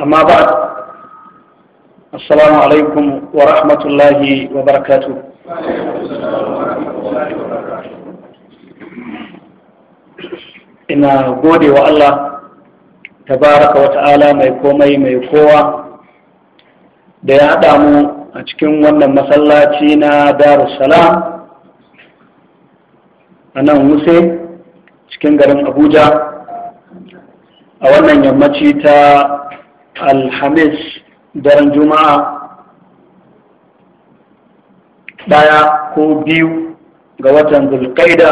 amma ba assalamu alaikum wa rahmatullahi wa barakatu ina gode wa Allah tabaraka wa ta'ala mai komai mai kowa da ya haɗa mu a cikin wannan masallaci na darussalam a nan wuse cikin garin abuja a wannan yammaci ta alhamis daren juma'a ɗaya ko biyu ga watan zulkaida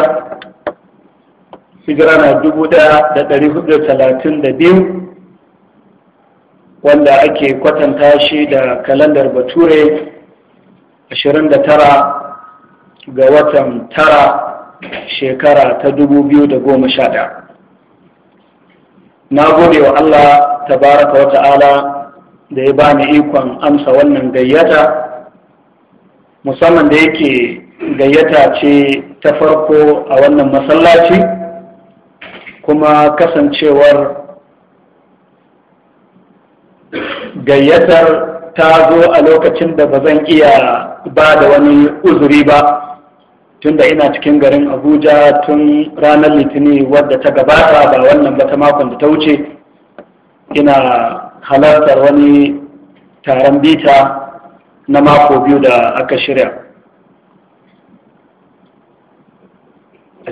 hijira na dubu ɗaya da ɗari hudu talatin da biyu wanda ake kwatanta shi da kalandar bature ashirin ga watan tara shekara ta dubu biyu na gode wa Allah tabaraka wa ta'ala da ya bani ikon amsa wannan gayyata musamman da yake gayyata ce ta farko a wannan masallaci kuma kasancewar gayyatar ta zo a lokacin da ba zan iya ba da wani uzuri ba tunda ina cikin garin abuja tun ranar litinin wadda ta gabata ba wannan ba ta makon da ta wuce ina halartar wani taron bita na mako biyu da aka shirya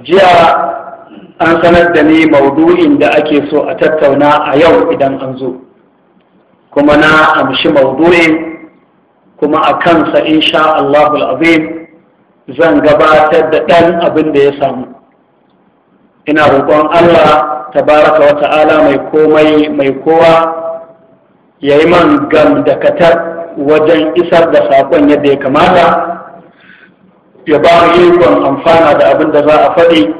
jiya an sanar da ni maudu'in da ake so a tattauna a yau idan an zo kuma na amshi maudu'in kuma a kansa insha Allahul azim zan gabatar da ɗan abin da ya samu ina roƙon Allah tabaraka wa ta'ala mai komai mai kowa ya yi man gam da katar wajen isar da saƙon yadda ya kamata ya ba mu ikon amfana da abin da za a faɗi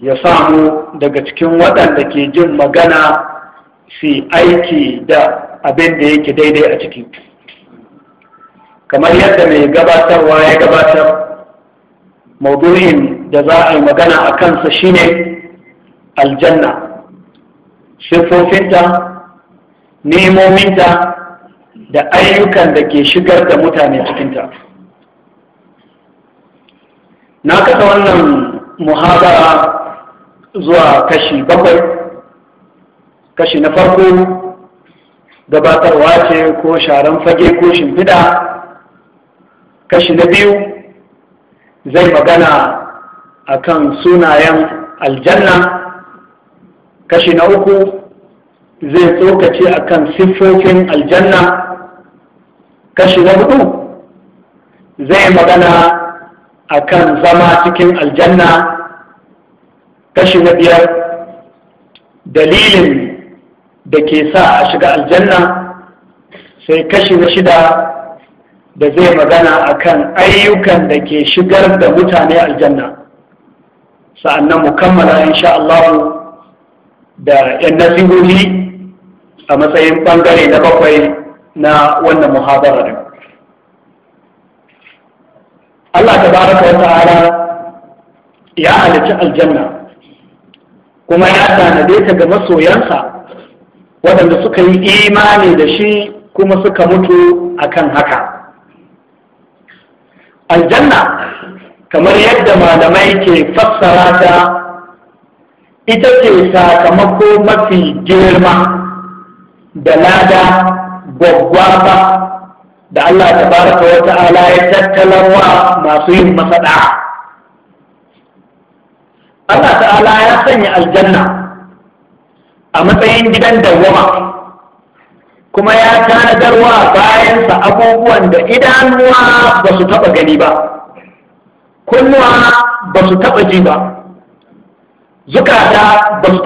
ya samu daga cikin waɗanda ke jin magana su aiki da abin da yake daidai a ciki kamar yadda mai gabatarwa ya gabatar maudu'in da za a yi magana a kansa shine aljanna Sifofinta, nemominta da ayyukan da ke shigar da mutane cikinta na kasa wannan muhabara zuwa kashi bakwai kashi na farko gabatarwa ce ko sharan fage ko shimfiɗa kashi na biyu zai magana a kan sunayen aljanna kashi na uku zai tsokace kan siffofin aljanna kashi na hudu zai magana a kan zama cikin aljanna kashi na biyar dalilin da ke sa a shiga aljanna sai kashi na shida da zai magana a kan ayyukan da ke shigar da mutane aljanna sa'annan mu kammala insha Allah da 'yan nasihohi a matsayin ɓangare na bakwai na wannan muhabarar Allah ta baraka wa ta'ala ya halicci aljanna kuma ya tanade ta ga masoyansa waɗanda suka yi imani da shi kuma suka mutu akan haka aljanna kamar yadda malamai ke fassara ta ita ce sakamako mafi girma da lada gwaggwaba da Allah ta baraka wa ta'ala ya wa masu yin masada Allah ta'ala ya sanya aljanna a matsayin gidan dawwama kuma ya tanadarwa bayansa abubuwa Wanda idanuwa ba su taɓa gani ba kunnuwa ba su taɓa ji ba zukata ba su